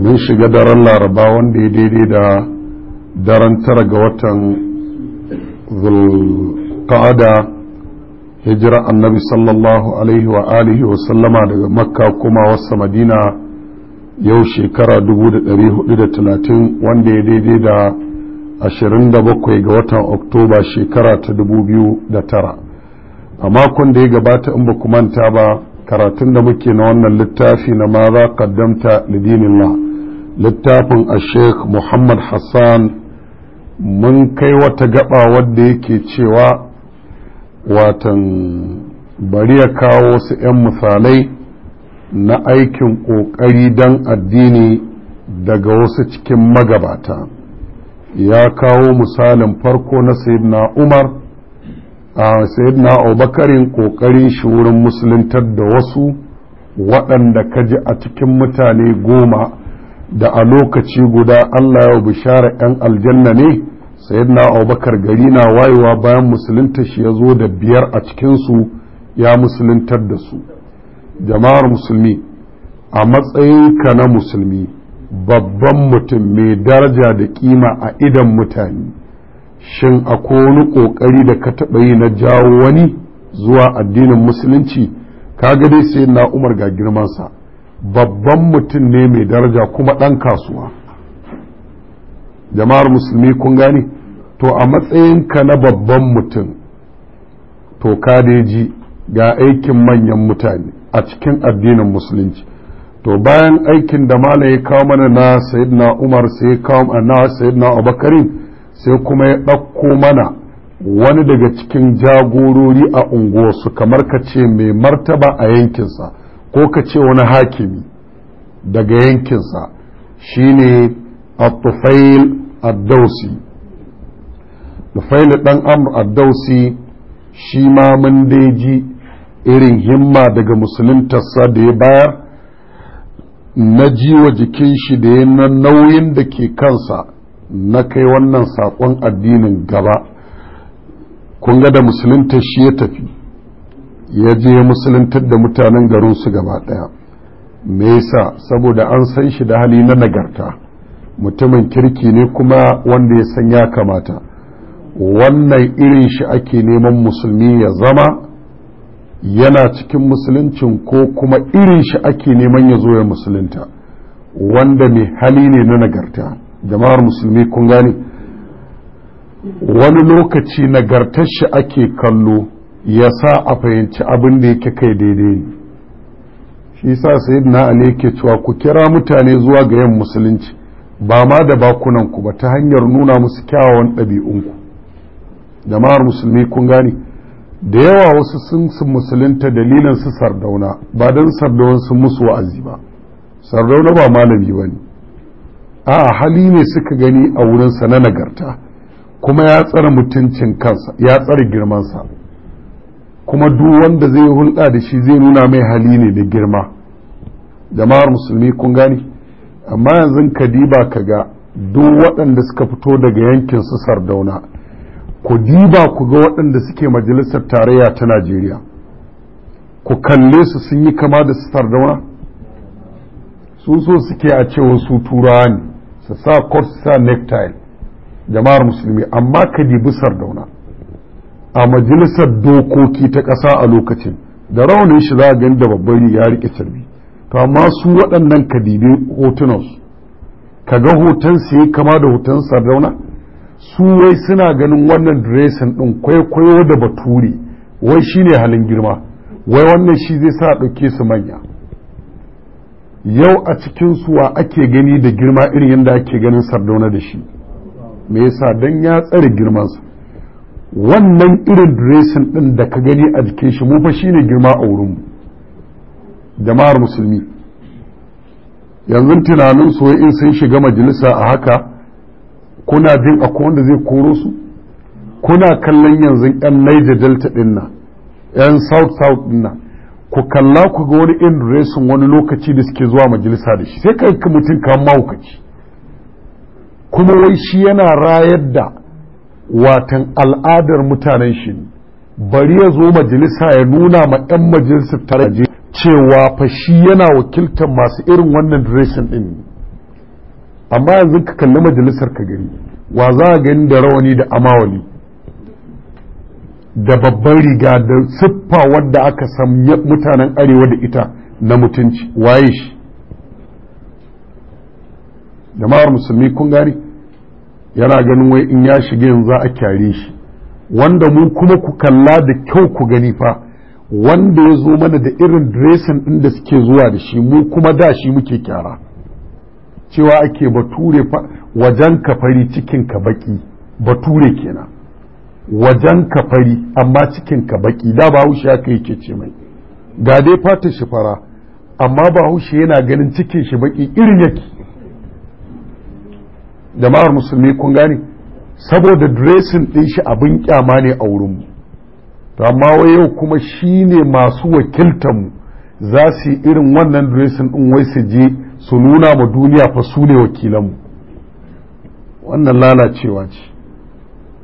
mun shiga daren laraba wanda ya daidai da daren tara ga watan zulqa'ada hijira annabi sallallahu alaihi wa alihi wa sallama daga makka kuma wasa madina yau shekara 430 wanda ya daidai da 27 ga watan oktoba shekara ta 2009 a makon da ya gabata in ba manta ba karatun da muke na wannan littafi na ma za kaddamta lidinillah littafin a sheikh muhammad hassan mun kai wata gaba wadda yake cewa watan bari ya kawo su 'yan misalai na aikin ƙoƙari don addini daga wasu cikin magabata ya kawo misalin farko na sayidina umar a sayidina abubakarin ƙoƙarin shi wurin musuluntar da wasu waɗanda ka ji a cikin mutane goma da a lokaci guda Allah ya bishara 'yan aljanna ne na abubakar gari na wayewa bayan musulunta shi ya zo da biyar a cikinsu ya musuluntar da su jama'ar musulmi a matsayinka na musulmi babban mutum mai daraja da kima a idan mutane shin akwai wani ƙoƙari da ka taɓa yi na jawo wani zuwa addinin musulunci kaga dai sai na umar ga girmansa babban mutum ne mai daraja kuma ɗan kasuwa jama'ar musulmi kun gani to a matsayinka na babban mutum to kadeji ga aikin manyan mutane a cikin addinin musulunci to bayan aikin da mala ya kawo mana na sayidina umar sai kawo na sayidina abakarin sai kuma ya ɗauko mana wani daga cikin jagorori a unguwarsu kamar ka ce mai martaba a yankinsa ko ka ce wani hakimi daga yankinsa shine a tufail Addausi dausi tufail dan amr Addausi dausi shi ma mun daji irin himma daga musuluntarsa da ya bayar na jiwa jikin shi da ya na nauyin da ke kansa na kai wannan saƙon addinin gaba kun ga da musulunta shi ya tafi ya je musuluntar da mutanen garin su gaba ɗaya me yasa saboda an san shi da hali na nagarta mutumin kirki ne kuma wanda ya san ya kamata wannan irin shi ake neman musulmi ya zama yana cikin musuluncin ko kuma irin shi ake neman ya zo ya musulunta wanda mai hali ne na nagarta jama'ar musulmi kun gane wani lokaci nagartar shi ake kallo ya sa a fahimci abin da yake kai daidai ne shi sa na ali yake cewa ku kira mutane zuwa ga yin musulunci ba ma da bakunan ku ba ta hanyar nuna musu kyawawan ɗabi'unku jama'ar musulmi kun gane da yawa wasu sun su musulunta dalilin su sardauna ba don sardauna sun musu wa'azi ba sardauna ba malami ba ne a hali ne suka gani a wurinsa na nagarta kuma ya tsare mutuncin kansa ya tsare girmansa kuma duk wanda zai hulɗa da shi zai nuna mai hali ne da girma jama'ar musulmi kun gani amma yanzu ka diba ka ga duk waɗanda suka fito daga yankin su sardauna ku diba ku ga waɗanda suke majalisar tarayya ta najeriya ku kalle su sun yi kama da su sardauna su so suke a cewa su turawa ne su sa kort sa necktie jama'ar musulmi amma ka dibi sardauna a majalisar dokoki ta ƙasa a lokacin da raunin shi za a gani da babban ya riƙe carbi to amma su waɗannan kadibe ka ga hoton su yi kama da hoton sardauna su wai suna ganin wannan diresin ɗin kwaikwayo da bature wai shi ne halin girma wai wannan shi zai sa ɗauke su manya yau a cikin suwa ake gani da girma irin yadda ake ganin sardauna da shi me yasa don ya tsare girmansa wannan irin dressing ɗin da ka gani a jikin shi mu fa shine girma a wurin jama'ar musulmi yanzu tunanin su in sun shiga majalisa a haka kuna jin akwai wanda zai koro su kuna kallon yanzu yan Niger Delta din nan yan South South din nan ku kalla ku ga wani irin dressing wani lokaci da suke zuwa majalisa da shi sai kai mutum kan mahaukaci kuma wai shi yana rayar da watan al'adar mutanen shi bari ya zo majalisa ya nuna ma 'yan majalisa taraje cewa fa shi yana wakiltar masu irin wannan dressing din amma yanzu ka kalli majalisar ka gani. wa za a gani da rawani da amawali da babban riga da siffa wadda aka san mutanen arewa da ita na mutunci waye shi jama'ar musulmi kun gani yana ganin wai in ya shiga yanzu a kyare shi wanda mu kuma ku kalla da kyau ku gani fa wanda ya zo mana da irin diresin ɗin da suke zuwa da shi mu kuma da shi muke kyara cewa ake bature wajen kafari cikin ka baki bature kenan wajen kafari amma cikin ka baki da bahaushe haka yake ce mai ga dai shi fara amma bahaushe yana ganin cikin shi baki irin yake jama'ar musulmi kun gane saboda dressing din shi abin kyama ne a wurin mu to amma wai yau kuma shine masu wakiltar mu za su yi irin wannan dressing din wai su je su nuna ma duniya fa su ne wakilan mu wannan lalacewa ce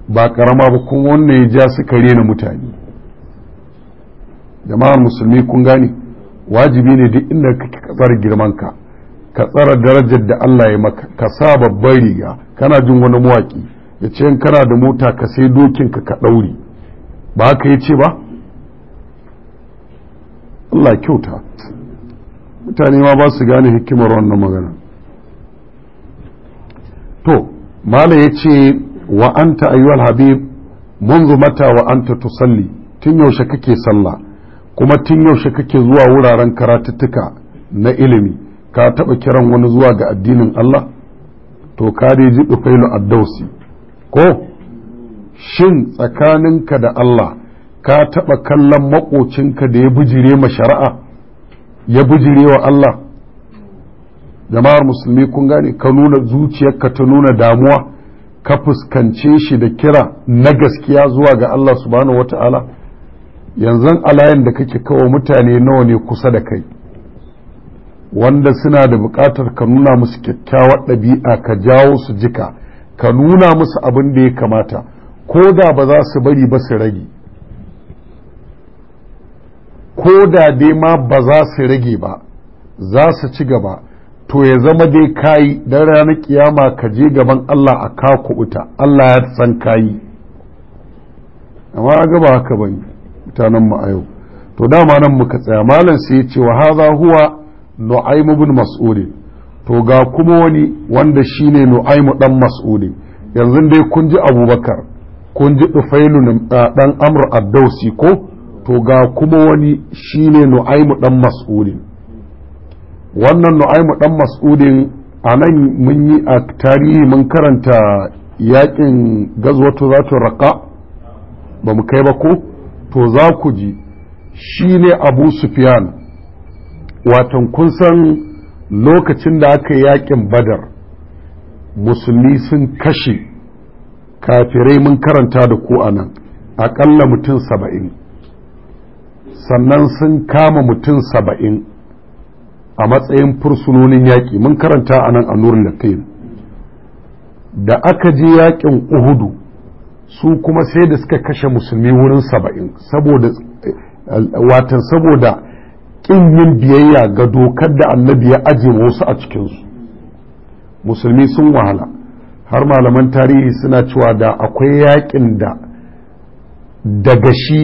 ba karama ba kuma wannan ya ja su kare na mutane jama'ar musulmi kun gane wajibi ne duk inda kake kasar girman ka ka tsara darajar da Allah ya maka ka sa babban riga kana jin wani mawaki ya ce kana da mota ka sai dokin ka ka ɗauri ba haka ya ce ba Allah kyauta mutane ma ba su gane hikimar wannan magana to mala ya ce wa anta ayyuhal habib mata wa anta tusalli tun yaushe kake sallah kuma tun yaushe kake zuwa wuraren karatuttuka na ilimi ka taɓa kiran wani zuwa ga addinin Allah to ka dai ji ɗufailu addausi ko shin tsakaninka da Allah ka taɓa kallon maƙocinka da ya bijire ma shari'a ya bijire wa Allah jama'ar musulmi kun gane ka nuna zuciyarka ta nuna damuwa ka fuskance shi da kira na gaskiya zuwa ga Allah subhanahu wata'ala yanzu alayan da kake kawo mutane nawa ne kusa da kai wanda suna da buƙatar ka nuna musu kyakkyawar ɗabi'a ka jawo su jika ka nuna musu abin da ya kamata ko da ba za su bari ba su rage ko da dai ma ba za su rage ba za su ci gaba to ya zama dai kayi don ranar kiyama ka je gaban Allah a kaku uta Allah ya san kayi amma a gaba haka bai mutanen mu a yau to dama nan muka tsaya malam sai ya ce wa haza huwa nu'aimu bin mas'udi to ga kuma wani wanda shine nu'aimu dan mas'udi yanzu dai kun ji abubakar kun ji dufailu eh, dan amr ad dawsi ko to ga kuma wani shine nu'aimu dan mas'udi wannan nu'aimu dan mas'udi a nan mun yi a tarihi mun karanta yakin gazwatu zatu raka ba mu kai ba ko to za ku ji shine abu sufyan watan kun san lokacin da aka yi yakin badar musulmi sun kashe kafirai mun karanta da ku a nan aƙalla mutum saba'in sannan sun kama mutum saba'in a matsayin fursunonin yaƙi mun karanta a nan a nurin da aka ji yaƙin uhudu su kuma sai da suka kashe musulmi wurin saba'in saboda eh, watan saboda ƙin yin biyayya ga dokar da annabi ya aje wasu a cikinsu musulmi sun wahala har malaman tarihi suna cewa da akwai yakin da daga shi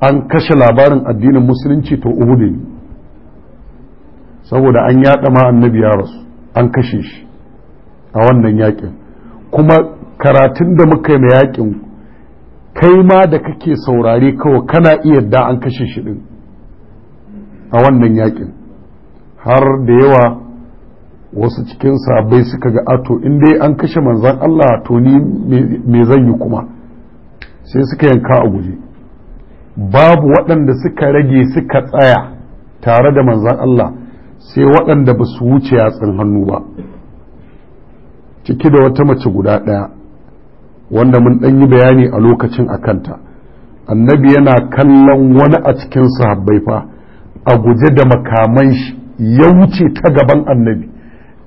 an kashe labarin addinin musulunci to ubu ne saboda an yaɗa ma annabi ya rasu an kashe shi a wannan yakin kuma karatun da muka yi yakin kai ma da kake saurari kawai kana iya da an kashe shi din a wannan yakin har da yawa wasu cikin sabai suka ga ato in dai an kashe manzan Allah to ni me zan yi kuma sai suka yanka a guje babu waɗanda suka rage suka tsaya tare da manzan Allah sai waɗanda ba su wuce yatsun hannu ba ciki da wata mace guda ɗaya wanda mun ɗan yi bayani a lokacin a kanta annabi yana kallon wani a cikin sahabbai fa a guje da makaman shi ya wuce ta gaban annabi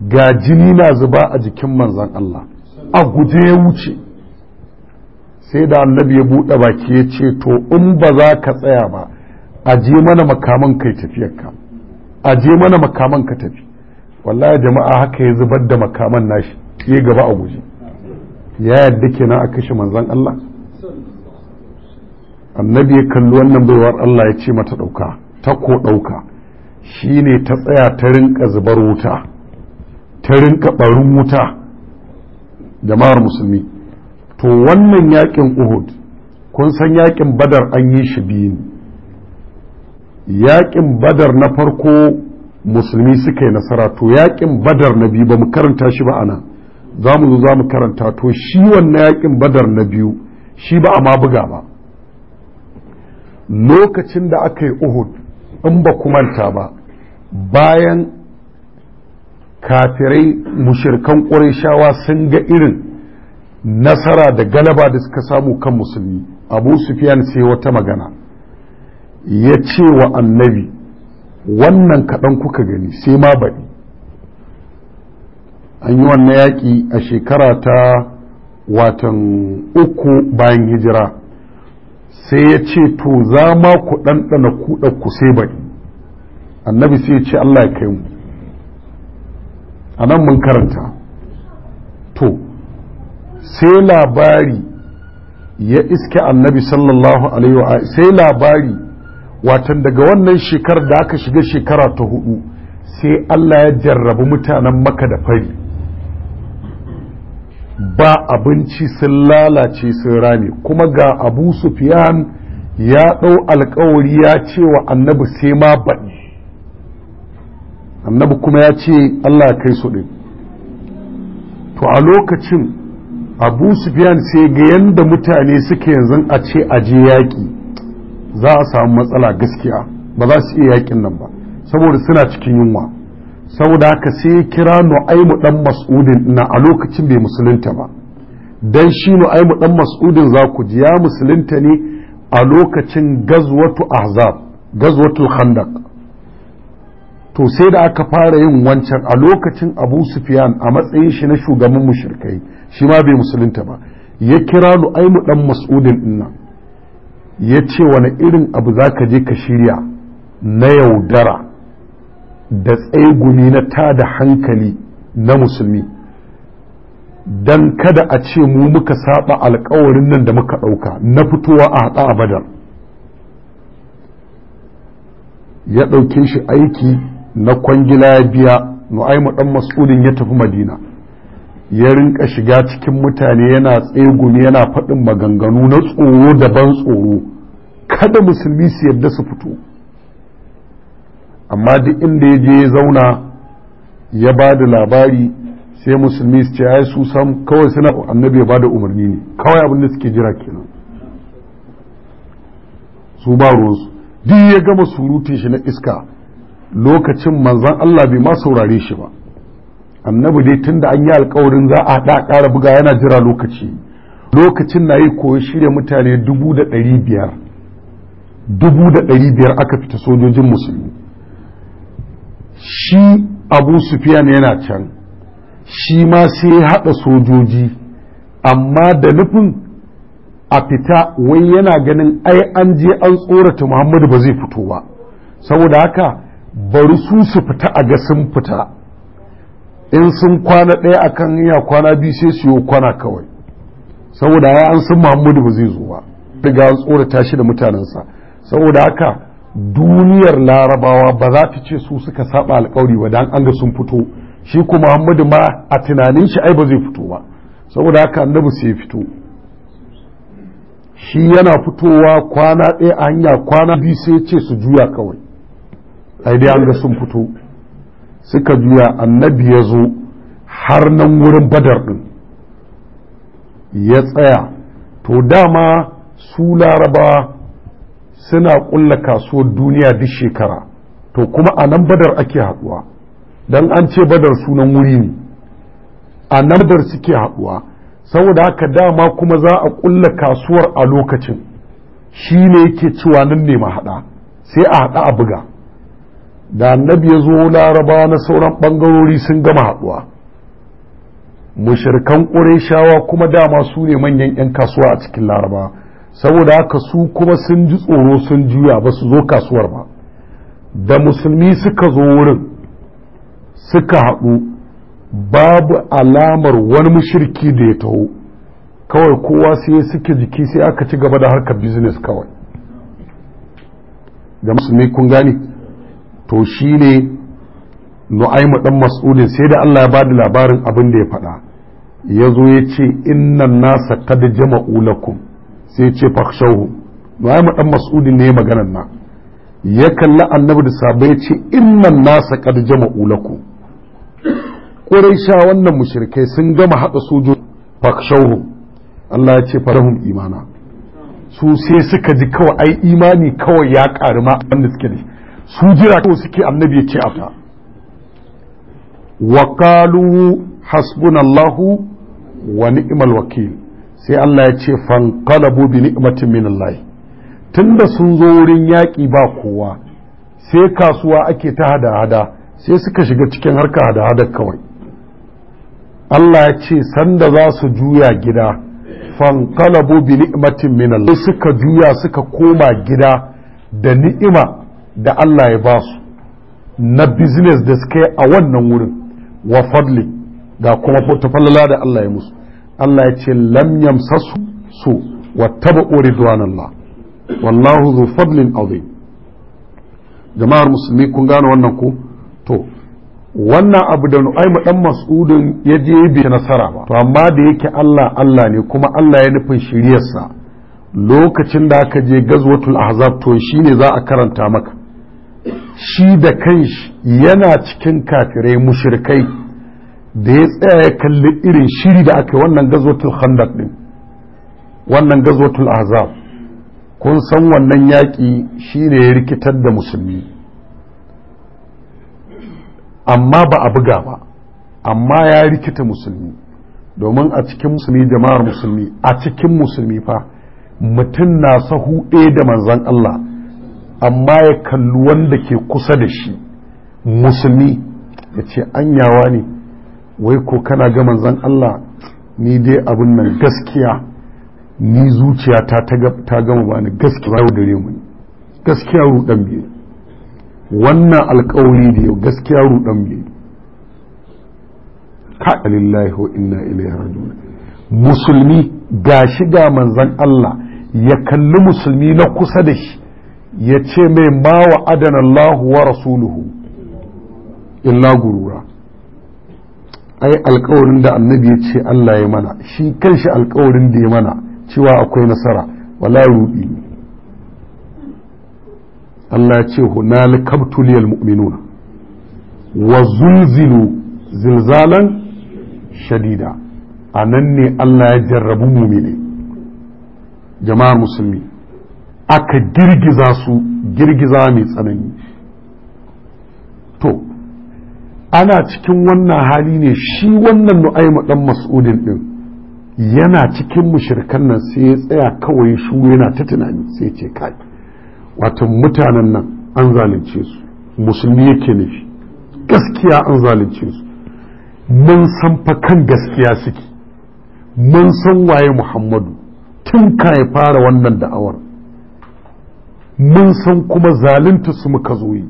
ga jini na zuba a jikin manzan Allah a guje ya wuce sai da annabi ya buɗe baki ya ce to in ba za ka tsaya ba a je mana makaman kai tafiyar ka a je mana makaman ka tafi wallahi jama'a haka ya zubar da makaman nashi ya gaba a guje ya yadda kenan a kashe manzan Allah annabi ya kalli wannan baiwar Allah ya ce mata ɗauka ta ko ɗauka shi ne ta tsaya ta rinka zubar wuta ta rinka barin wuta jama'ar musulmi to wannan yakin uhud kun san yakin badar an yi shi biyu yakin badar na farko musulmi suka yi nasara to yakin badar na biyu ba mu karanta shi ba ana za mu zo za mu karanta to shi wannan yakin badar na biyu shi ba a ma buga ba lokacin da aka yi uhud in ba kumanta ba bayan kafirai mushirkan ƙwarishawa sun ga irin nasara da galaba da suka samu kan musulmi abu sufiyan sai wata magana ya ce wa annabi wannan kaɗan kuka gani sai ma baɗi an yi wannan yaƙi a shekara ta watan uku bayan hijira sai ya ce to za ma ku ɗanɗana ku ku sai baki annabi sai ya ce Allah ya kai mu a nan mun karanta to sai labari ya iske annabi sallallahu alaihi wa sai labari watan daga wannan shekarar da aka shiga shekara ta hudu sai Allah ya jarrabi mutanen maka da fari ba abinci sun lalace sun rame kuma ga abu sufiyan ya ɗau alkawari ya ce wa annabi sai ma baɗi annabi kuma ya ce allah ya kai su ɗin to a lokacin abu sufiyan sai ga yadda mutane suke yanzu a ce a je yaƙi za a samu matsala gaskiya ba za su iya yaƙin nan ba saboda suna cikin yunwa saboda haka sai ya kira nu'aimu dan mas'udin na a lokacin bai musulunta ba dan shi nu'aimu dan mas'udin za ku ji ya musulunta ne a lokacin gazwatu ahzab gazwatul khandaq to sai da aka fara yin wancan a lokacin abu sufyan a matsayin shi na shugaban mushrikai shi ma bai musulunta ba ya kira lu'aimu dan mas'udin ɗinnan ya ce wani irin abu za ka je ka shirya na yaudara da tsegumi na tada hankali na musulmi don kada a ce mu muka saba alkawarin nan da muka ɗauka na fitowa a haɗa a badar ya ɗauke shi aiki na kwangila ya biya nu'aimu ɗan mas'udin ya tafi madina ya rinka shiga cikin mutane yana tsegumi yana faɗin maganganu na tsoro da ban tsoro kada musulmi su yadda su fito amma duk inda ya je ya zauna ya ba da labari sai musulmi su ce ai su san kawai suna annabi ya ba da umarni ne kawai abin da suke jira kenan su ba ruwansu duk ya gama surutun shi na iska lokacin manzan Allah bai ma saurare shi ba annabi dai tunda an yi alkawarin za a haɗa ƙara buga yana jira lokaci lokacin na yi koyi shirya mutane dubu da ɗari biyar dubu da ɗari biyar aka fita sojojin musulmi shi abu sufiyan yana can shi ma sai ya haɗa sojoji amma da nufin a fita wai yana ganin ai an je an tsorata muhammadu ba zai fito ba saboda haka bari su su fita a ga sun fita in sun kwana ɗaya a kan iya kwana biyu sai su yi kwana kawai saboda ya an san muhammadu ba zai zo ba daga an tsorata shi da mutanensa saboda haka duniyar larabawa ba za ta ce su suka saba alkawari ba dan an ga sun fito shi kuma Muhammadu ma a tunanin shi ai ba zai fito ba saboda haka annabi sai fito shi yana fitowa kwana ɗaya a hanya kwana biyu sai ce su juya kawai ai dai an ga sun fito suka juya annabi ya zo har nan wurin badar ɗin ya tsaya to dama su larabawa. suna ƙulla kasuwar duniya duk shekara to kuma a nan badar ake haɗuwa don an ce badar sunan wuri ne a nan badar suke haɗuwa saboda haka dama kuma za a ƙulla kasuwar a lokacin shi ne yake cewa nan ne haɗa sai a haɗa a buga da annabi ya zo laraba na sauran ɓangarori sun gama haɗuwa mushirkan shawa kuma dama su ne manyan 'yan kasuwa a cikin laraba saboda haka su kuma sun ji tsoro sun juya ba su zo kasuwar ba da musulmi suka zo wurin suka haɗu babu alamar wani mushirki da ya taho kawai kowa sai suke jiki sai aka ci gaba da harkar business kawai da musulmi kun gani to shi ne nu'aimu dan mas'udin sai da Allah ya ba da labarin abin da ya faɗa ya zo ya ce innan nasa kad jama'u lakum sai ce fakhshawhu mu dan Mas'udin ne maganar na. ya kalli annabi da sabai ya ce innan nasa kad jama'u lakum Quraisha wannan mushrikai sun gama hada sojoji fakhshawhu Allah ya ce farahum imana su sai suka ji kawai ai imani kawai ya karu ma wanda suke da su jira kawai suke annabi ya ce afa wa qalu hasbunallahu wa ni'mal wakil sai Allah ya ce fanqalabu bi ni'matin min Allah tunda sun zo wurin yaƙi ba kowa sai kasuwa ake ta hada-hada sai suka shiga cikin harka hada-hada kawai Allah ya ce sanda za su juya gida fanqalabu bi ni'matin min Allah suka juya suka koma gida da ni'ima da Allah ya ba su na business da suka a wannan wurin wa fadli ga kuma tafallala da Allah ya musu Allah ya ce lam sassu su ori Allah wallahu dhu fadlin azim jama'ar musulmi kun gane wannan ku? to wannan abu da nu'aimu dan mas'udin ya je bi nasara ba to amma da yake Allah Allah ne kuma Allah ya nufin shiriyarsa lokacin da aka je gazwatul ahzab to shine za a karanta maka shi da kanshi yana cikin kafirai mushrikai da ya tsaya ya kalli irin shiri da aka yi wannan gazotul khandaq din wannan gazotul azab kun san wannan yaƙi shine ya rikitar da musulmi amma ba a buga ba amma ya rikita musulmi domin a cikin musulmi jama'ar musulmi a cikin musulmi fa mutum na sahu ɗaya da manzan Allah amma ya kalli wanda ke kusa da shi musulmi ya ce anyawa ne wai ko kana ga manzon Allah ni dai abin nan gaskiya ni zuciya ta ta gama bani gaskiya dare mu gaskiya rudan biyu wannan alƙawari da yau gaskiya rudan biyu ka lillahi wa inna ilaihi raji'un musulmi gashi ga manzon Allah ya kalli musulmi na kusa da shi ya ce mai ma wa adana Allah wa rasuluhu illa gurura ai alkawarin da annabi ya ce Allah ya mana shi kanshi alkawarin da ya mana cewa akwai nasara wala ruɗi Allah ya ce hunalika kabtuliyal mu'minuna wa zunzilu zilzalan shadida a nan ne Allah ya jarrabu mumine Jama'ar musulmi aka girgiza su girgiza mai tsanani to ana cikin wannan hali ne shi wannan nu'aimu dan mas'udin din yana cikin mushirkan nan sai ya tsaya kawai shu yana ta tunani sai ya ce kai wato mutanen nan an zalunce su musulmi yake ne shi gaskiya an zalunce su mun san fa kan gaskiya suke mun san waye muhammadu tun ka ya fara wannan da'awar mun san kuma zalunta su muka zo yi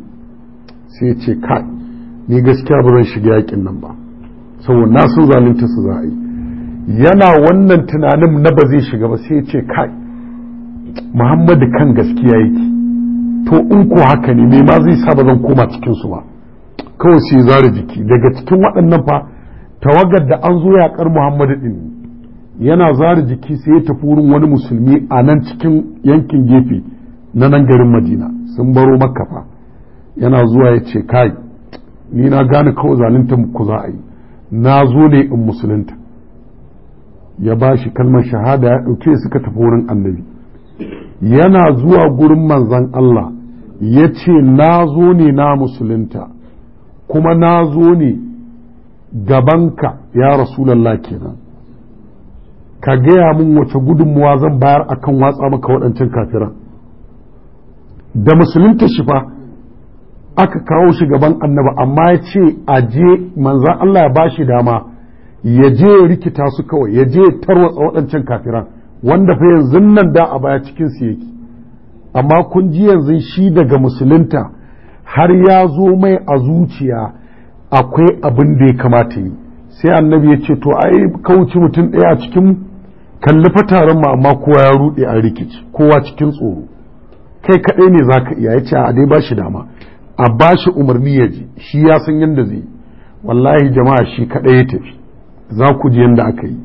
sai ya ce kai ni gaskiya ba zan shiga yakin nan ba saboda na san zalunta su za a yi yana wannan tunanin na ba zai shiga ba sai ya ce kai muhammadu kan gaskiya yake to in ko haka ne me ma zai sa ba zan koma cikin su ba kawai sai zara jiki daga cikin waɗannan fa tawagar da an zo yaƙar muhammadu din yana zara jiki sai ya tafi wurin wani musulmi a nan cikin yankin gefe na nan garin madina sun baro makka fa yana zuwa ya ce kai ni na gane kawai zalunta ku za a yi na zo ne in musulunta ya ba shi kalmar shahada ya ɗauke suka tafi wurin annabi yana zuwa gurin manzan Allah ya ce na zo ne na musulunta kuma na zo ne gabanka ya rasulallah kenan ka gaya min wace gudunmuwa zan bayar akan watsa maka waɗancan kafiran da musulunta shi fa aka kawo shi gaban annabi amma ya ce a je manzan Allah ya ba shi dama ya je rikita su kawai ya je tarwatsa waɗancan kafiran wanda fa yanzu nan da a baya cikin su yake amma kun ji yanzu shi daga musulunta har ya zo mai a zuciya akwai abin da ya kamata yi sai annabi ya ce to ai ka kauci mutum ɗaya a cikin kalli taron mu. amma kowa ya ruɗe a rikici kowa cikin tsoro kai kaɗai ne zaka ka iya ya ce a dai ba shi dama a ba shi umarni ya ji shi ya san yadda zai wallahi jama'a shi kaɗai ya tafi za ku ji yadda aka yi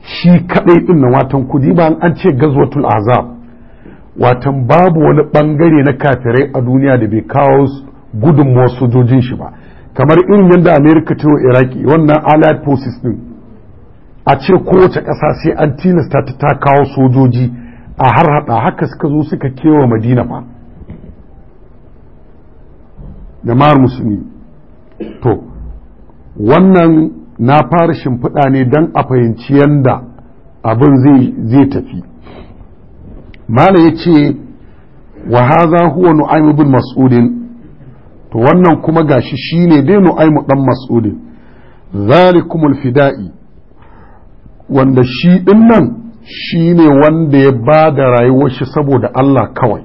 shi kaɗai ɗin na watan kudi ba an ce gazwatul azab watan babu wani ɓangare na kafirai a duniya da bai kawo gudunmuwar sojojin shi ba kamar irin yadda amerika ta iraki wannan allied forces ɗin a ce kowace ƙasa sai an tilasta ta kawo sojoji a har haka suka zo suka kewa madina ba jama'ar musulmi to wannan na fara shimfiɗa ne don a fahimci yanda abin zai tafi mala ya ce wa haza huwa Nu'aimu bin mas'udin to wannan kuma gashi shine dai Nu'aimu dan mas'udin zalikumul fida'i wanda shi din nan shine wanda ya ba da rayuwar shi saboda Allah kawai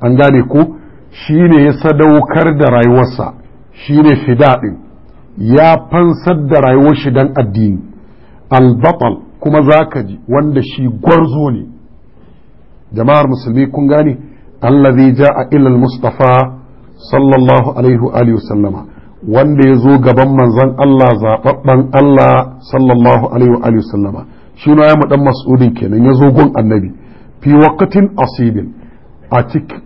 an gane ko shi ne ya sadaukar da rayuwarsa shi ne fidaɗin ya fansar da rayuwar shi don addini albatal kuma za ka ji wanda shi gwarzo ne jama'ar musulmi kun gane allazi a ilal mustafa sallallahu alaihi wa sallama wanda ya zo gaban manzon Allah zaɓaɓɓen Allah sallallahu alaihi wa sallama shi na ya dan mas'udin kenan ya zo gun annabi fi waqtin asibin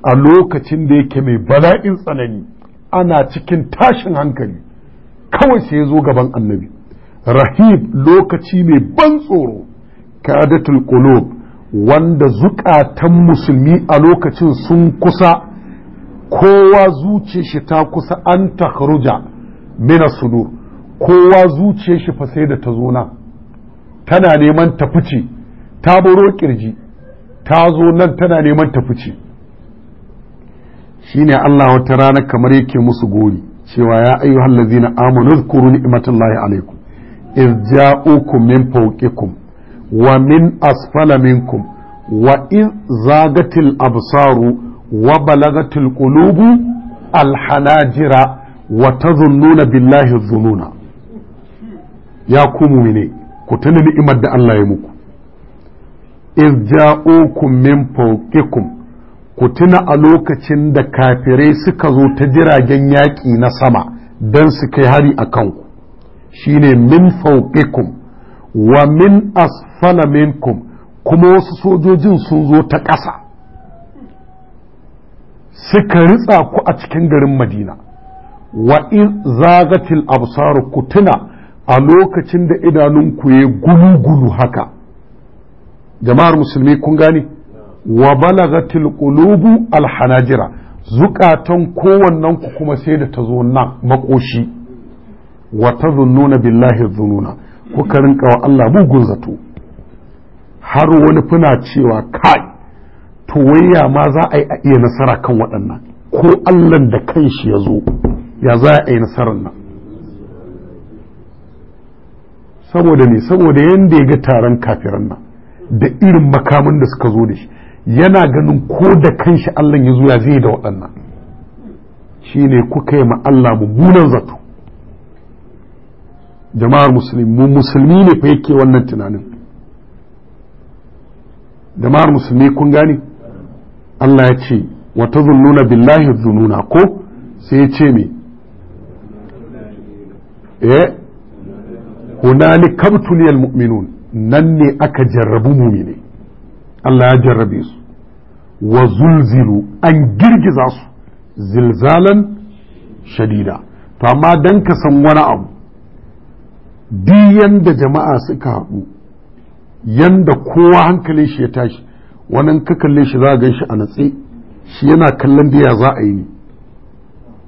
a lokacin da yake mai bala'in tsanani ana cikin tashin hankali kawai sai ya zo gaban annabi rahib lokaci mai ban tsoro kadatul qulub wanda zukatan musulmi a lokacin sun kusa kowa zuce shi ta kusa an takhruja mina sudur kowa zuce shi fa sai da ta zo tana neman ta fice ta baro kirji ta zo nan tana neman ta fice shine Allah wata rana kamar yake musu gori cewa ya ayyuhal ladzina amanu zkuru ni'matallahi alaikum iz ja'ukum min fawqikum wa min asfala minkum wa iz zagatil absaru wa balagatil qulubu alhanajira wa tazunnuna billahi dhununa ya ku mu'mine ku tuna ni'imar da Allah ya muku iz ja'ukum min fawqikum ku tuna a lokacin da kafirai suka zo ta jiragen yaƙi na sama don su kai hari a kanku shine min fauqikum wa min asfala minkum kuma wasu sojojin sun zo ta ƙasa suka ritsa ku a cikin garin madina wa in zagatil absaru ku tuna a lokacin da idanunku ya gulu-gulu haka jama'ar musulmi kun gani wa balagatil qulubu alhanajira zukatan kowannen ku kuma sai da ta zo nan makoshi wa tazunnuna billahi dhununa kuka rinka wa Allah mugun zato har wani funa cewa kai to waya ma za a yi a iya nasara kan waɗannan ko Allah da kanshi ya zo ya za a yi nasarar nan saboda ne saboda yanda ya ga taron kafiran nan da irin makamin da suka zo da shi yana ganin ko da kanshi Allah ya zuya zai da waɗannan shine kuka yi ma Allah mummunan zato jama'ar musulmi mu musulmi ne fa yake wannan tunanin jama'ar musulmi kun gane Allah ya ce wata tazunnuna billahi zununa ko sai ya ce me eh hunani kabtuliyal mu'minun nan ne aka jarrabu mu'mini Allah ya jarrabe su wa zulzilu an girgiza su zilzalan shadida to amma dan ka san wani abu duk yanda jama'a suka haɗu yanda kowa hankalin shi ya tashi wani ka kalle shi za a gan a natse shi yana kallon da ya za a yi ne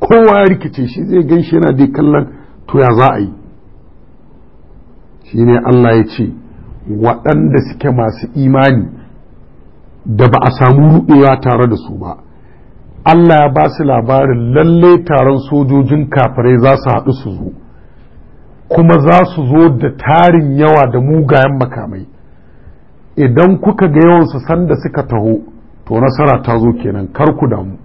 kowa ya rikice shi zai gan yana dai kallon to ya za a yi shi Allah ya ce waɗanda suke masu imani da ba a samu ruɗewa tare da su ba Allah ya ba su labarin lallai taron sojojin kafirai za su haɗu su zo kuma za su zo da tarin yawa da mugayen makamai idan kuka ga yawansu sanda suka taho to nasara ta zo kenan kar ku damu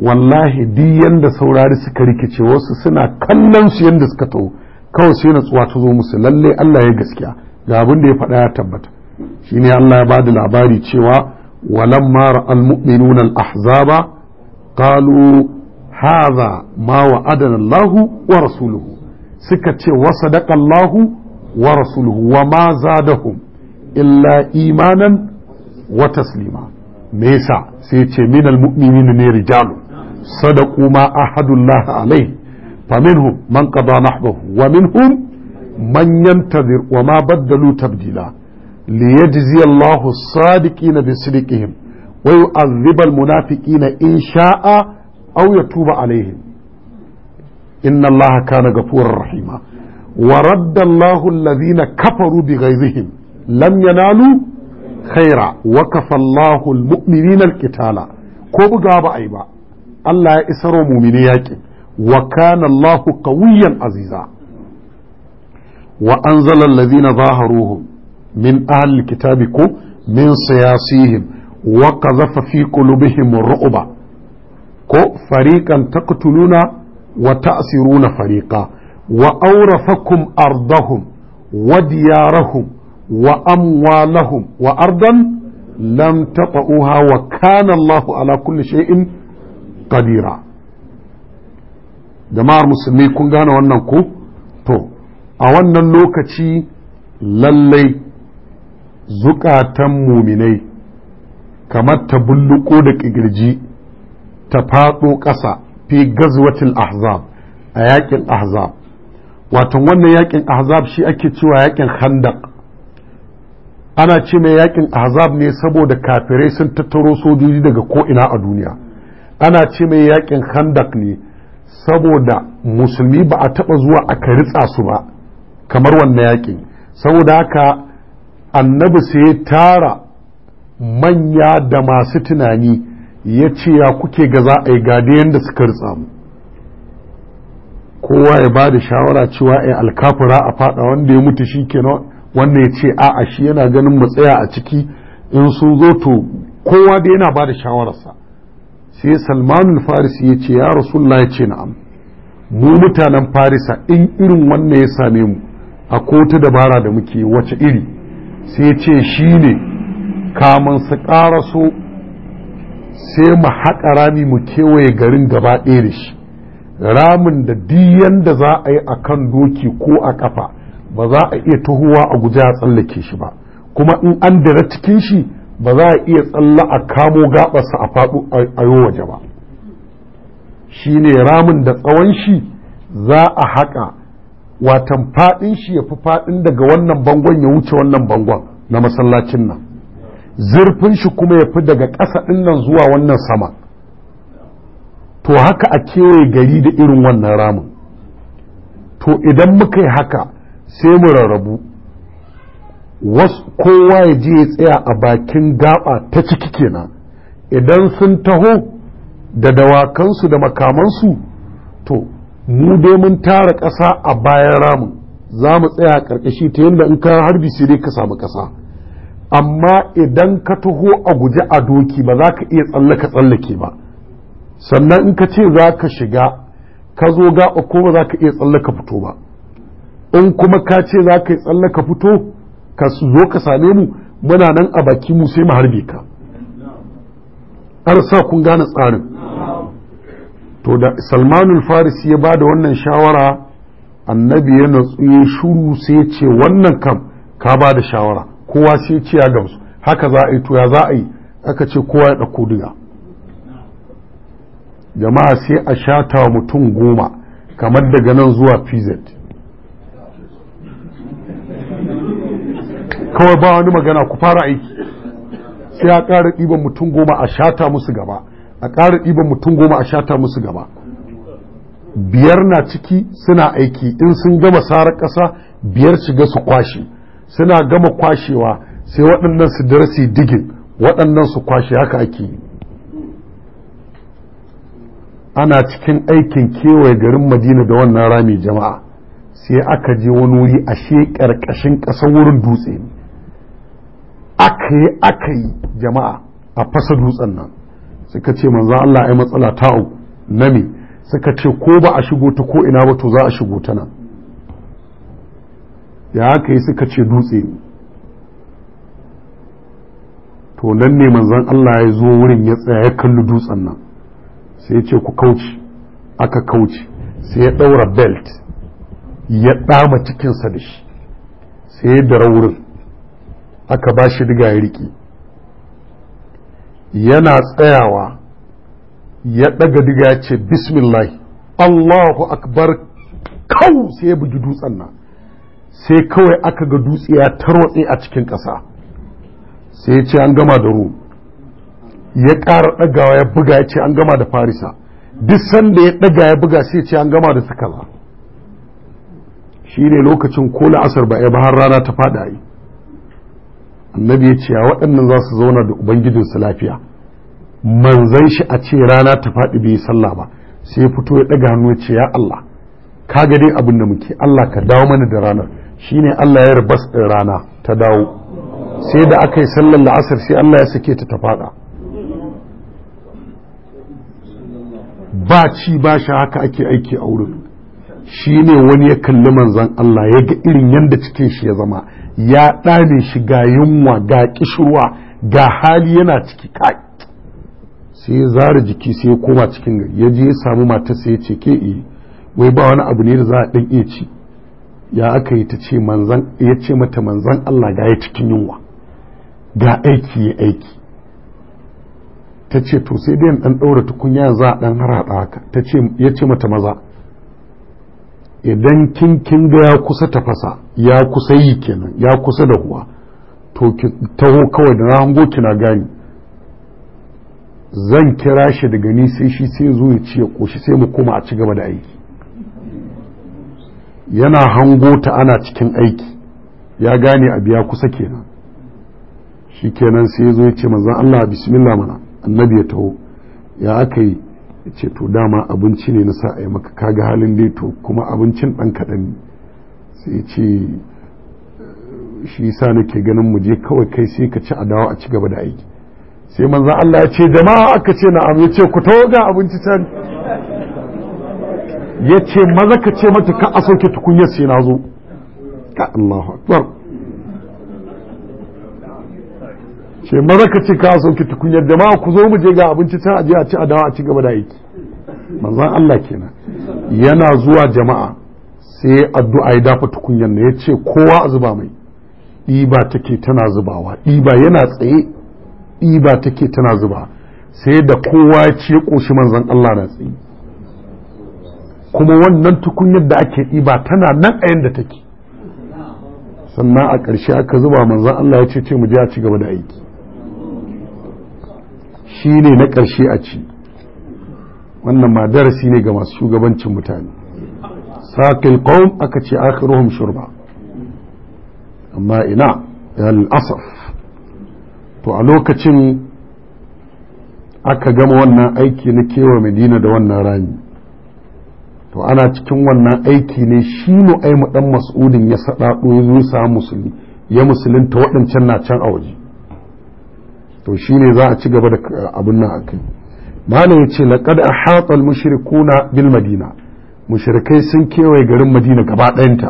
wallahi di yanda saurari suka rikice wasu suna kallon su yanda suka taho kawai sai natsuwa ta zo musu lallai, Allah ya gaskiya ga abin da ya faɗa ya tabbata shine Allah ya bada labari cewa walammara ra'al mu'minuna al-ahzaba qalu hadha ma wa'adana Allah wa rasuluhu suka ce wa sadaqa Allah wa rasuluhu wa ma zadahum illa imanan wa taslima me yasa sai ce minal muminin ne rijalu sadaqu ma ahadullah alaihi فمنهم من قضى نحبه ومنهم من ينتظر وما بدلوا تبديلا liyajzi Allahu na bi sidqihim wa yu'adhiba al-munafiqina in sha'a aw yatuba alaihim inna Allah kana ghafurur rahima wa radda Allahu alladhina kafaru bighayzihim lam yanalu khaira wa kafa Allahu al-mu'minina al ko buga ba ai ba Allah ya isaro mu'mini yaƙi wa kana Allahu qawiyyan aziza wa anzala alladhina zaharuhu. min ahlil kitabi ko min siyasihim wa qazafa fi qulubihim ru'ba ko fariqan taqtuluna wa ta'siruna fariqa wa awrafakum ardahum wa diyarahum wa amwalahum wa ardan lam taqa'uha wa kana Allahu ala kulli shay'in qadira jama'ar musulmi kun gane wannan ko to a wannan lokaci lallai zukatan muminai kamar ta bulluko da ƙigirji ta faɗo ƙasa fi gazwatil ahzab a yakin ahzab watan wannan yakin ahzab shi ake cewa yakin handak ana ce mai yakin ahzab ne saboda kafirai sun tattaro sojoji daga ko'ina a duniya ana ce mai yakin handak ne saboda musulmi ba a taɓa zuwa a karitsa su ba kamar wannan yakin saboda haka annabi sai ya tara manya da masu tunani ya ce ya kuke ga za a yi gade yadda suka ritsa mu kowa ya ba da shawara cewa ya alkafura a fada wanda ya mutu shi kenan wannan ya ce a'a shi yana ganin matsaya a ciki in sun zo to kowa da yana ba da shawararsa sai salmanul farisi ya ce ya rasulullah ya ce na'am mu mutanen farisa in irin wannan ya same mu a kota dabara da muke wace iri sai ce shi ne kamun su ƙaraso sai mu haƙa rami mu kewaye garin gaba ɗaya da shi ramin da diyan da za a yi a kan doki ko a ƙafa ba za a iya tahowa a guja a tsallake shi ba kuma in an dira cikin shi ba za a iya tsalla a kamo gaɓarsa a faɗo a yi waje ba shi ne ramin da tsawon shi za a haƙa watan faɗin shi ya fi faɗin daga wannan bangon ya wuce wannan bangon na masallacin nan zurfin shi kuma ya fi daga ƙasa dinnan zuwa wannan sama to haka a kewaye gari da irin wannan ramin to idan muka yi haka sai mu rarrabu wasu kowa ya je ya tsaya a bakin gaba ta ciki kenan idan sun taho da dawakansu da makamansu mu dai mun tara ƙasa a bayan ramin za mu tsaya a ƙarƙashi ta yadda in ka harbi sai dai ka samu ƙasa amma idan ka taho a guje a doki ba za ka iya tsallaka tsallake ba sannan in ka ce za ka shiga ka zo ga ko ba za ka iya tsallaka fito ba in kuma ka ce za ka yi tsallaka fito ka zo ka same mu muna nan a baki mu sai mu harbi ka har sa kun gane tsarin to da salmanul farisi ya ba da wannan shawara annabi ya natsu ya shuru sai ya ce wannan kam ka ba da shawara kowa sai ya ce ya gamsu haka za a yi to ya za a yi aka ce kowa ya ɗauko diga jama'a sai a shata wa mutum goma kamar daga nan zuwa pz kawai ba wani magana ku fara aiki sai a ƙara ɗiban mutum goma a shata musu gaba a ƙara ɗiban mutum goma a shata musu gaba biyar na ciki suna aiki in sun gama sarar ƙasa biyar shiga su kwashe suna gama kwashewa sai waɗannan su darasi digin waɗannan su kwashe haka ake yi ana cikin aikin kewaye garin madina da wannan rami jama'a sai aka je wani wuri a ƙarƙashin ƙasar wurin dutse aka yi aka yi jama'a a fasa dutsen nan suka ce manzo Allah ai matsala ta uku na me suka ce ko ba a shigo ta ko ina ba to za a shigo ta nan ya haka yi suka ce dutse to nan ne manzon Allah ya zo wurin ya tsaya ya kalli dutsen nan sai ya ce ku kauce aka kauce sai ya ɗaura belt ya dama cikinsa da shi sai ya dara wurin aka ba shi diga ya riƙe yana tsayawa ya ɗaga diga ya ce bismillah allahu akbar kau sai ya bugi dutsen nan sai kawai aka ga dutse ya tarwatse a cikin ƙasa sai ya ce an gama da ru ya ƙara ɗagawa ya buga ya ce an gama da farisa duk sanda ya ɗaga ya buga sai ya ce an gama da sakala shi ne lokacin ko la'asar ba ya ba har rana ta faɗa yi annabi ya ce waɗannan za su zauna da ubangijinsu lafiya manzan shi a ce rana ta faɗi bai sallah ba sai fito ya ɗaga hannu ce ya Allah ka ga dai abin da muke Allah ka dawo mana da ranar shine Allah ya rabas ɗin rana ta dawo sai da aka yi sallar la'asar sai Allah ya sake ta ta faɗa ba ci ba shi haka ake aiki a wurin shi ne wani ya kalli manzan Allah ya ga irin yadda cikin shi ya zama ya ɗane shi ga yunwa ga ƙishirwa ga hali yana ciki kai sai ya zara jiki sai ya koma cikin gari ya je ya samu mata sai ya ce ke eh wai ba wani abu ne da za a ɗan iya ci ya aka yi ta ce manzan ya ce mata manzan Allah ga ya cikin yunwa ga aiki ya aiki ta ce to sai dai ɗan ɗaura tukunya za a ɗan haraɗa haka ta ce ya ce mata maza idan kin kin ga ya kusa tafasa ya kusa yi kenan ya kusa da huwa to ki taho kawai da ki kina gani zan kira shi daga ni sai shi sai zo ya ci ya koshi sai mu koma a ci gaba da aiki yana hango ta ana cikin aiki ya gane abu ya kusa kenan shi kenan sai ya zo ya ce manzan Allah bismillah mana annabi ya taho ya aka yi ya ce to dama abinci ne na sa a yi maka kaga halin dai to kuma abincin ɗan kaɗan ne sai ce shi sa nake ganin mu je kawai kai sai ka ci adawa a ci gaba da aiki sai manzan Allah ya ce jama'a aka ce na ya ce ku tawo ga abinci can ya ce maza ka ce mata ka a sauke tukunyar sai na zo ka Allahu akbar ce maza ka ce ka a sauke tukunyar jama'a ku zo mu je ga abinci can a je a ci adawa a ci gaba da aiki manzan Allah kenan yana zuwa jama'a sai addu'a ya dafa tukunyan ne ya ce kowa a zuba mai ɗiba take tana zubawa Iba yana tsaye ɗiba take tana zuba sai da kowa ya ce ƙoshi manzan Allah na tsaye kuma wannan tukunyar da ake ɗiba tana nan a yadda take sannan a ƙarshe aka zuba manzan Allah ya ce ce mu je a ci gaba da aiki shi ne na ƙarshe a ci wannan ma darasi ne ga masu shugabancin mutane saqil القوم aka ce شربا shurba amma ina al'asaf to a lokacin aka gama wannan aiki na kewa madina da wannan rami to ana cikin wannan aiki ne shi mu mu dan mas'udin ya saɗaɗo ya zo musulmi ya musulunta waɗancan na can a waje to shi ne za a ci gaba da abin nan a kai malam ya ce laqad a al mushrikuna bil madina mushirkai sun kewaye garin madina gaba ɗayanta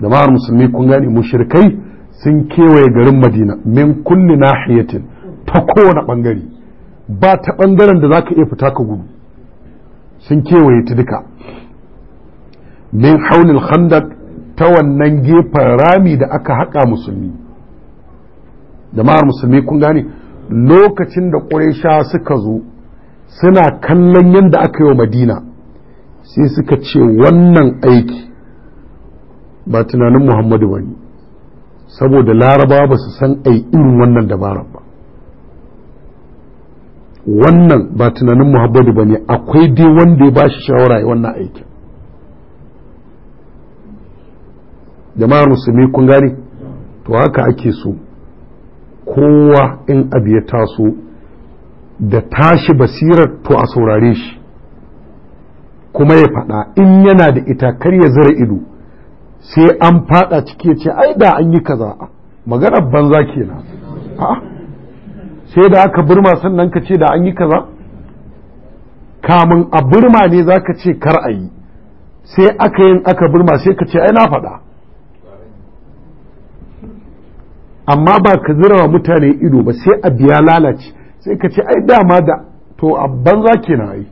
jama'ar musulmi kun gane mushirkai sun kewaye garin madina min kulli nahiyatin ta kowane ɓangare ba ta ɓangaren da za ka iya fita ka gudu sun kewaye ta duka min haunin khandak ta wannan gefen rami da aka haƙa musulmi jama'ar musulmi kun gane lokacin da ƙuraisha suka zo suna kallon yadda aka yi wa madina sai suka ce wannan aiki ba tunanin muhammadu wani saboda laraba ba su san ai irin wannan dabarar ba wannan ba tunanin muhammadu ba ne akwai dai wanda ya ba shi shawara ya wannan aiki jama'ar musulmi kun gane to haka ake so kowa in abu ya taso da tashi basirar to a saurare shi kuma ya faɗa in yana da ita kar ya zira ido sai an faɗa ciki ya ce ai da an yi kaza magana banza kenan a sai da aka burma sannan ka ce da an yi kaza kamun a burma ne za ka ce kar a yi sai aka yin aka burma sai ka ce ai na faɗa amma ba ka zira wa mutane ido ba sai a biya lalace sai ka ce ai dama da to a banza kenan ai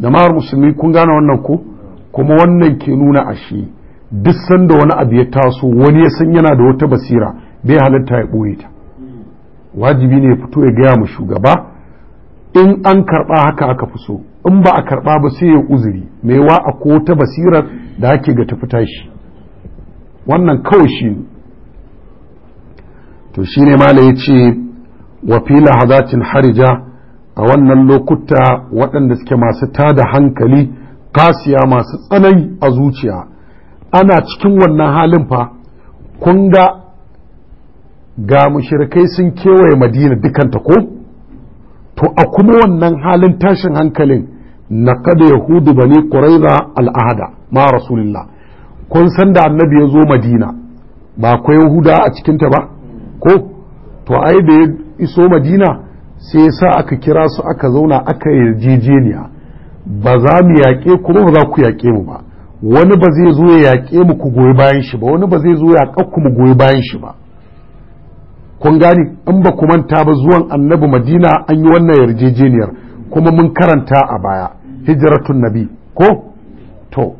jama'ar musulmi kun gane wannan ku. kuma wannan ke nuna ashe duk sanda wani abu ya taso wani ya san yana da wata basira bai halitta ya ɓoye ta wajibi ne ya fito ya gaya mu shugaba in an karɓa haka aka fi so in ba a karɓa ba sai ya uzuri mai wa a ko ta basirar da ake ga tafi tashi wannan kawai shi ne to shi ne mala ya ce wa fila harija a wannan lokuta waɗanda suke masu tada hankali kasiya masu tsanani a zuciya ana cikin wannan halin fa kun ga ga mushirikai sun kewaye madina dukanta ko to a kuma wannan halin tashin hankalin na kada yahudu ne quraiza al'ada ma rasulillah kun san da annabi ya zo madina ba akwai yahuda a cikinta ba ko to ai da ya iso madina sai sa aka kira su aka zauna aka yarjejeniya ba za mu yaƙe ku ba za ku yaƙe mu ba wani ba zai zo ya yaƙe mu ku goyi bayan shi ba wani ba zai zo ya ku mu goyi bayan shi ba kun gane in ba ku manta ba zuwan annabi madina an yi wannan yarjejeniyar kuma mun karanta a baya hijiratun nabi ko to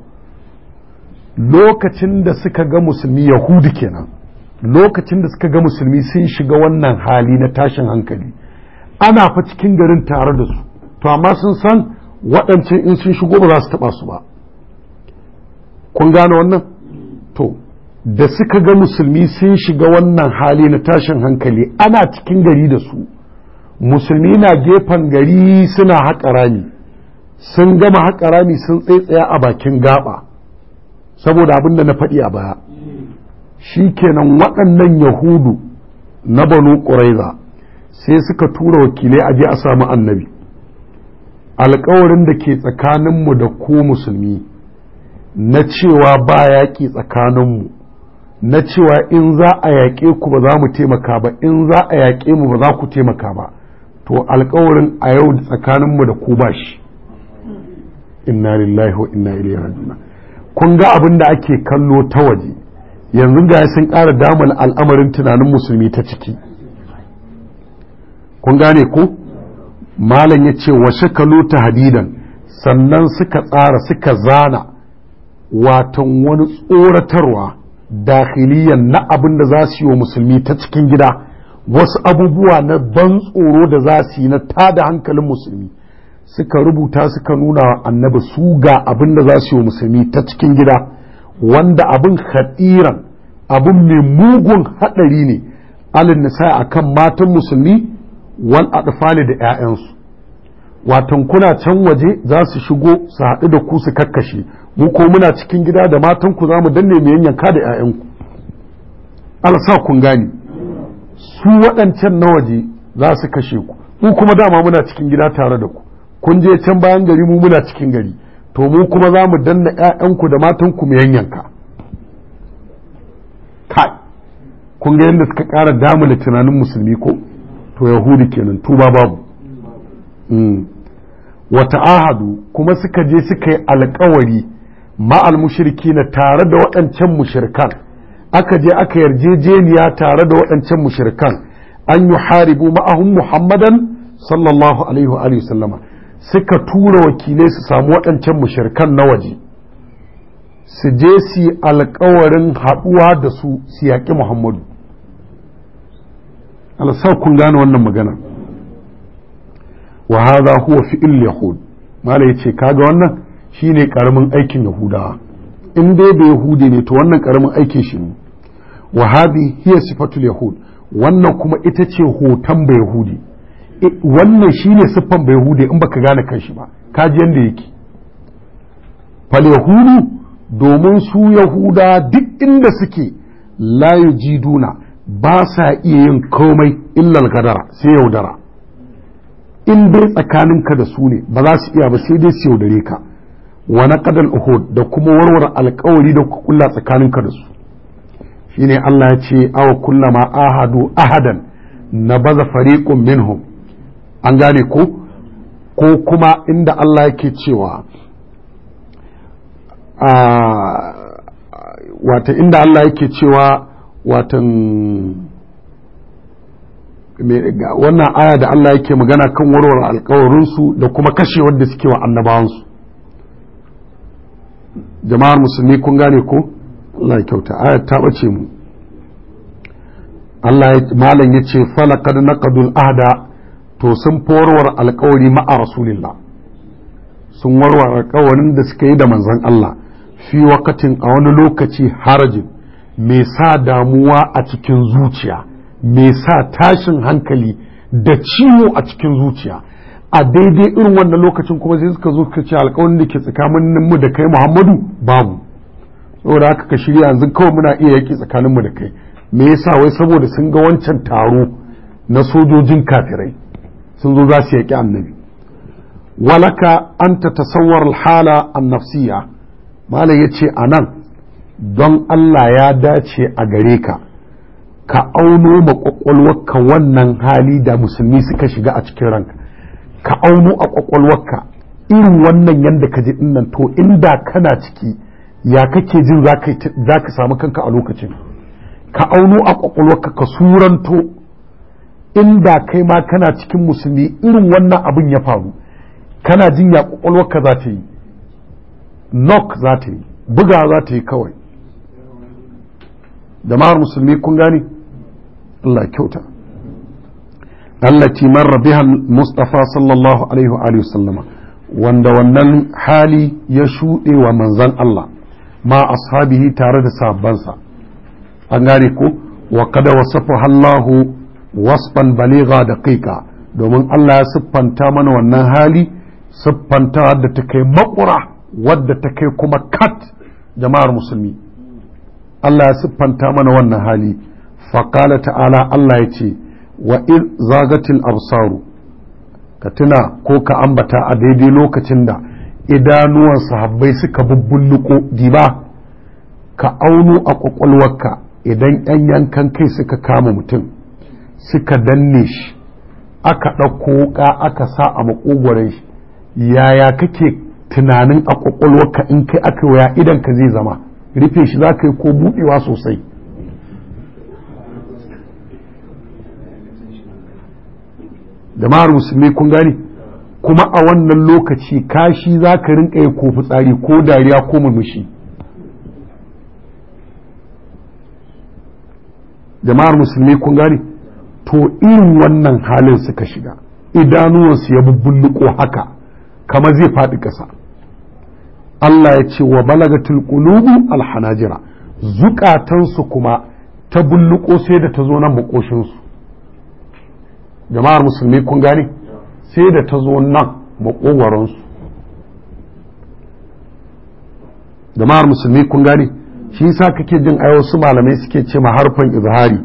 lokacin da suka ga musulmi yahudi kenan lokacin da suka ga musulmi sun shiga wannan hali na tashin hankali ana fa cikin garin tare da su to amma sun san waɗancan in sun shigo ba za su taɓa su ba kun gane wannan to da suka ga musulmi sun shiga wannan hali na tashin hankali ana cikin gari da su musulmi na gefen gari suna haƙa rami sun gama haƙa rami sun tsaitsaya a bakin gaba saboda abin da na faɗi a baya shi kenan waɗannan yahudu na banu ƙuraiza sai suka tura wakilai a je a samu annabi alkawarin da ke tsakaninmu da ku musulmi na cewa ba yaƙi tsakaninmu na cewa in za a yaƙe ku ba za mu taimaka ba in za a yaƙe mu ba za ku taimaka ba to alkawarin a yau tsakaninmu da ku ba shi inna lillahi wa inna ilaihi raji'un kun ga abin da ake kallo ta waje yanzu ga sun ƙara damal al'amarin tunanin musulmi ta ciki kun gane ku malam ya ce wa shakalu hadidan sannan suka tsara suka zana watan wani tsoratarwa dakhiliyan na abin da za su yi wa musulmi ta cikin gida wasu abubuwa na ban tsoro da za su yi na tada hankalin musulmi suka rubuta suka nuna wa annabi su ga abin da za su yi wa musulmi ta cikin gida wanda abin hadiran abin mai mugun hadari ne alin nisa akan matan musulmi wal atfali da 'ya'yansu watan kuna can waje za su shigo su haɗu da ku su kakkashe mu ko muna cikin gida da matan ku za danne mu yanyanka da 'ya'yanku alasa kun gani su waɗancan na waje za su kashe ku mu kuma dama muna cikin gida tare da ku kun je can bayan gari mu muna cikin gari to mu kuma za mu danna 'ya'yanku da matan ku mu yanyanka kai kun ga yadda suka ƙara damu da tunanin musulmi ko to yahudi kenan tuba babu mm. wata ahadu kuma suka je suka yi alkawari ma'al mushirki na tare da waɗancan mushirkan aka je aka yarjejeniya tare da waɗancan mushirkan an yi haribu ma'ahun muhammadan sallallahu alaihi wa sallama suka tura wakilai su samu waɗancan mushirkan na waje su je su alkawarin haɗuwa da su su yaƙi muhammadu Allah sa kun gane wannan magana wa hadha huwa fi'il yahud mala yace kaga wannan shine karamin aikin yahudawa in dai bai yahudi ne to wannan karamin aikin shi ne wa hadhi hiya sifatul yahud wannan kuma ita ce hoton bai yahudi wannan shine siffan bai yahudi in baka gane kanshi ba ka ji yanda yake fal yahudu domin su yahuda duk inda suke la yujiduna ba sa iya yin komai illal gadara sai yaudara in dai tsakaninka da su ne ba za su iya ba sai dai su yaudare ka wa naqadal uhud da kuma warware alkawari da kulla tsakaninka da su shine Allah ya ce aw ma ahadu ahadan na baza fariqun minhum an gane ko ko kuma inda Allah yake cewa ah, wata inda Allah yake cewa watan wannan aya da Allah yake magana kan warware alkawarinsu da kuma kashe wanda suke wa annabawansu jama'ar musulmi kun gane ko Allah ya kyauta aya ta bace mu Allah ya malam yace falaqad naqadul ahda to sun warware alkawari ma'a rasulillah sun warware alkawarin da suka yi da manzon Allah fi waqatin a wani lokaci harajin mai sa damuwa a cikin zuciya Me sa tashin hankali da ciwo a cikin zuciya a daidai irin wannan lokacin kuma sai suka zo suka ce alƙawarin da ke tsakanin mu da kai Muhammadu babu saboda haka ka shirya yanzu kawai muna iya yaƙi tsakanin mu da kai me yasa wai saboda sun ga wancan taro na sojojin kafirai sun zo za su yaƙi annabi walaka an ta tasawwar hala an nafsiya malam ya ce a nan don Allah ya dace a gare ka ka auno maƙwaƙwalwarka wannan hali da musulmi suka shiga a cikin ranka ka auno a ƙwaƙwalwarka irin wannan yadda ka ji dinnan to inda kana ciki ya kake jin za ka samu kanka a lokacin ka auno a ƙwaƙwalwarka ka suranto inda kai ma kana cikin musulmi irin wannan abin ya faru kana jin ya ƙwaƙwalwarka za ta yi knock za ta yi buga za ta yi kawai jama'ar musulmi kun gane Allah kyauta allati marra biha mustafa sallallahu alaihi wa sallama wanda wannan hali ya shuɗe wa manzan Allah ma ashabihi tare da sabonsa an gane ko wa kada wasafa Allahu wasfan baliga da kaika domin Allah ya siffanta mana wannan hali siffanta da ta kai makura wadda ta kai kuma kat jama'ar musulmi Allah ya siffanta mana wannan hali faƙala ta'ala Allah ya ce wa iz zagatil absaru ka tuna ko ka ambata a daidai lokacin da idanuwan sahabbai suka bubbulluko diba ka auno a ƙwaƙwalwarka idan 'yan yankan kai suka kama mutum suka danne shi aka ɗauko wuƙa aka sa a maƙogwaron shi yaya kake tunanin a ƙwaƙwalwarka in kai aka waya idan ka zai zama rufe shi za ka yi ko buɗewa sosai jama'ar musulmi kun gani kuma a wannan lokaci kashi za ka rinka yi ko fitsari ko dariya ko murmushi jama'ar musulmi kun gani to irin wannan halin suka shiga idanuwansu ya bubbulluko haka kama zai faɗi ƙasa Allah ya ce wa balagatul qulubu alhanajira zukatansu kuma ta bulluko sai da ta zo nan su jama'ar musulmi kun gane sai da ta zo nan su jama'ar musulmi kun gane shi yasa kake jin ai wasu malamai suke ce ma harfan izhari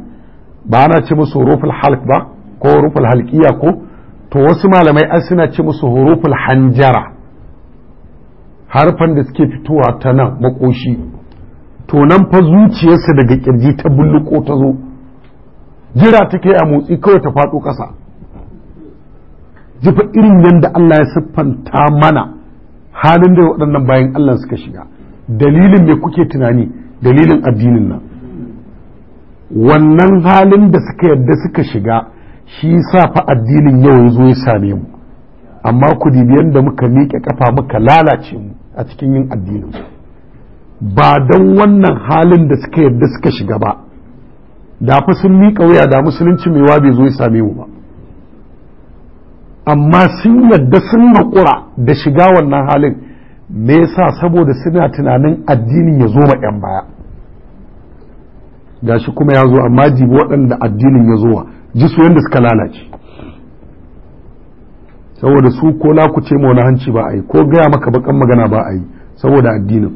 ba ana ce musu huruful halq ba ko huruful halqiya ko to wasu malamai ai suna ce musu huruful hanjara harfan da suke fitowa ta nan makoshi to nan fa zuciyarsa daga kirji ta bulluko ta zo jira kai a motsi kawai ta faɗo ƙasa jifa irin yadda Allah ya siffanta mana halin da waɗannan bayan Allah suka shiga dalilin me kuke tunani dalilin addinin nan wannan halin da suka yadda suka shiga shi sa fa addinin yau yazo ya same mu amma ku dibi yadda muka miƙe ƙafa muka lalace mu a cikin yin addinin ba don wannan halin da suka yadda suka shiga ba da fa sun miƙa wuya da musulunci mai wabe zo ya same mu ba amma sun yadda sun haƙura da shiga wannan halin me yasa saboda suna tunanin addinin ya zo ma 'yan baya gashi kuma ya zo amma jibi waɗanda addinin ya zo wa ji su yadda suka lalace saboda su ko ku ce ma wani hanci ba a yi ko gaya maka bakan magana ba a yi saboda addinin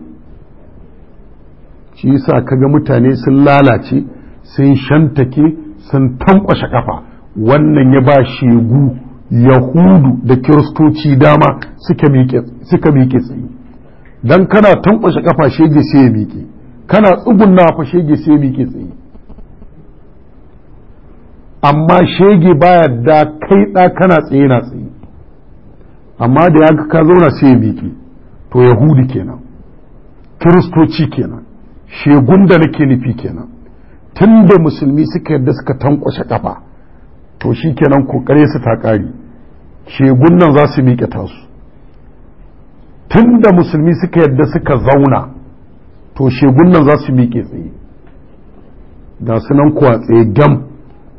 shi yasa kaga mutane sun lalace sun shantake sun tankwashe kafa wannan ya ba shegu yahudu da kiristoci dama suka miƙe tsaye don kana tankwashe kafa shege sai ya miƙe kana tsugunna fa shege sai ya miƙe tsaye amma shege baya da kai da kana tsaye na tsaye amma da ya ka zauna sai ya miƙe to yahudi kenan kiristoci kenan shegun da nake nufi kenan tun da musulmi suka yadda suka tankwashe kafa to shi kenan kokare su ta ƙari shegun nan za su miƙe tasu tun da musulmi suka yadda suka zauna to shegun nan za su miƙe tsaye ga sunan kuwa tsaye gam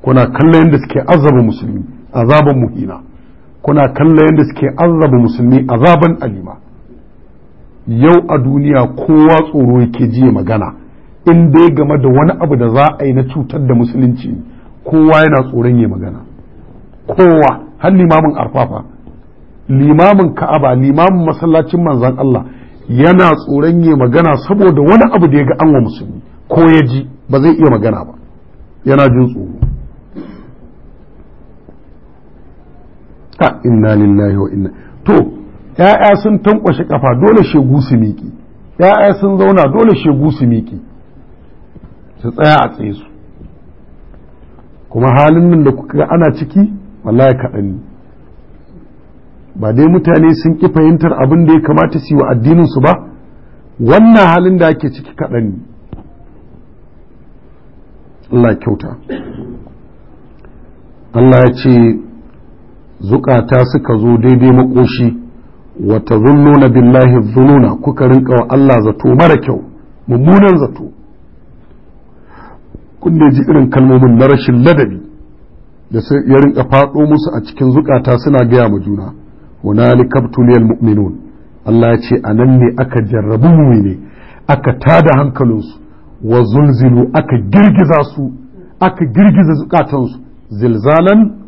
kuna kallon yadda suke azaba musulmi azaban muhina kuna kalla yadda suke azaba musulmi azaban alima yau a duniya kowa tsoro yake jiye magana in dai game da wani abu da za a yi na cutar da musulunci kowa yana tsoron ya magana kowa har limamin arfafa limamin ka'aba limamin masallacin manzan Allah yana tsoron ya magana saboda wani abu da ya ga an wa musulmi ko ya ji ba zai iya magana ba yana jin tsoro ta inna lillahi wa inna to ya'ya sun tankwashe kafa dole shegu su miki ya'ya sun zauna dole shegu su miki su tsaya a tsaye su kuma halin nan da kuka ga ana ciki wallahi kaɗan ne ba dai mutane sun ki fahimtar abin da ya kamata su yi wa addinin su ba wannan halin da ake ciki kaɗan ne Allah kyauta Allah ya ce zukata suka zo daidai makoshi wa tazunnuna billahi dhununa kuka rinka wa Allah zato mara kyau mummunan zato kun ji irin kalmomin na rashin ladabi da sai ya rinka faɗo musu a cikin zukata suna gaya ma juna hunalika btuliyal mu'minun Allah ya ce anan ne aka jarrabu mu'mini aka tada hankalinsu wa zulzilu aka girgiza su aka girgiza zukatansu zilzalan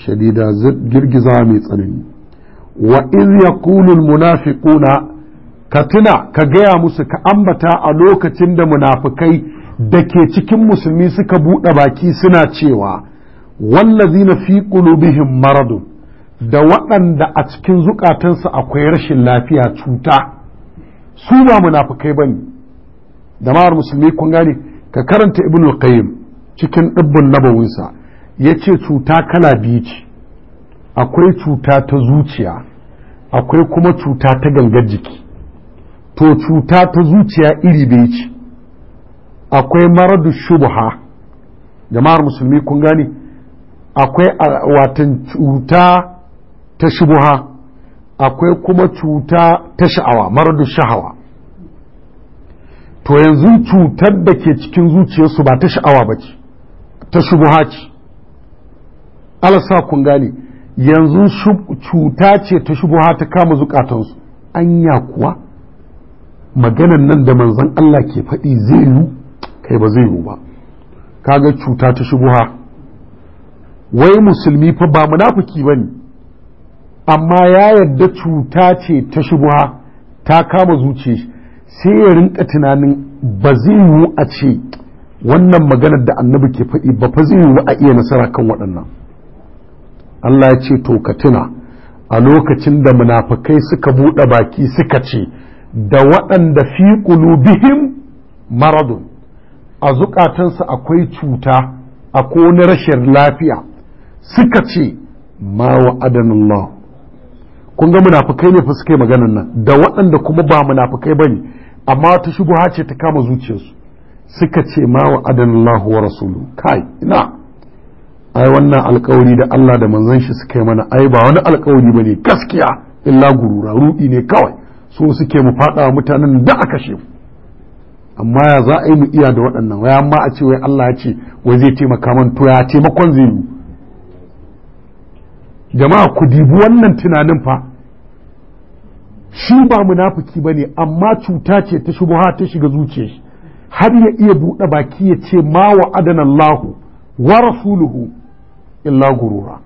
shadida girgiza mai tsanani wa iz yaqulul munafiquna ka tuna ka gaya musu ka ambata a lokacin da munafukai da ke cikin musulmi suka buɗe baki suna cewa wallazina fi qulubihim maradun da waɗanda a cikin zukatansu akwai rashin lafiya cuta su ba munafikai bane jama'ar musulmi kun gane ka karanta ibnul qayyim cikin dubbun nabawinsa ya ce cuta kala biyu ce akwai cuta ta zuciya akwai kuma cuta ta gangar jiki to cuta ta zuciya iri bai ce akwai maradu shubha jama'ar musulmi kun gani akwai watan cuta ta shubha akwai kuma cuta ta sha'awa maradu sha'awa to yanzu cutar da ke cikin zuciyarsu ba ta sha'awa ba ce ta shubha ce alasa kun gane yanzu cuta ce ta shubuha ta kama zukatansu anya kuwa maganan nan da manzon Allah ke faɗi zai yi kai ba zai yi ba kaga cuta ta shubuha wai musulmi fa ba munafiki bane amma ya yadda cuta ce ta shubuha ta kama zuciya sai ya rinka tunanin ba zai yi a ce wannan maganar da annabi ke faɗi ba fa zai yi a iya nasara kan waɗannan Allah ya ce to ka tuna a lokacin da munafukai suka buɗe baki suka ce da waɗanda fi qulubihim maradun a zukatansu akwai cuta ko wani rashin lafiya suka ce ma wa'adanallah kun ga munafikai ne fa suka yi maganan nan da waɗanda kuma ba munafikai bane amma ta shubuha ce ta kama zuciyarsu suka ce ma wa'adanallahu wa rasulu kai ina ai wannan alkawari da Allah da manzon shi suka yi mana ai ba wani alkawari bane gaskiya illa gurura rudi ne kawai so suke mu fada mutanen da aka shi amma ya za a yi mu iya da waɗannan waya amma a ce wai Allah ya ce wai zai taimaka man to ya taimakon zai yi jama'a ku dibi wannan tunanin fa shi ba munafiki bane amma cuta ce ta shubuha ta shiga zuciyar shi har ya iya buɗe baki ya ce ma wa adana lahu wa rasuluhu illa gurura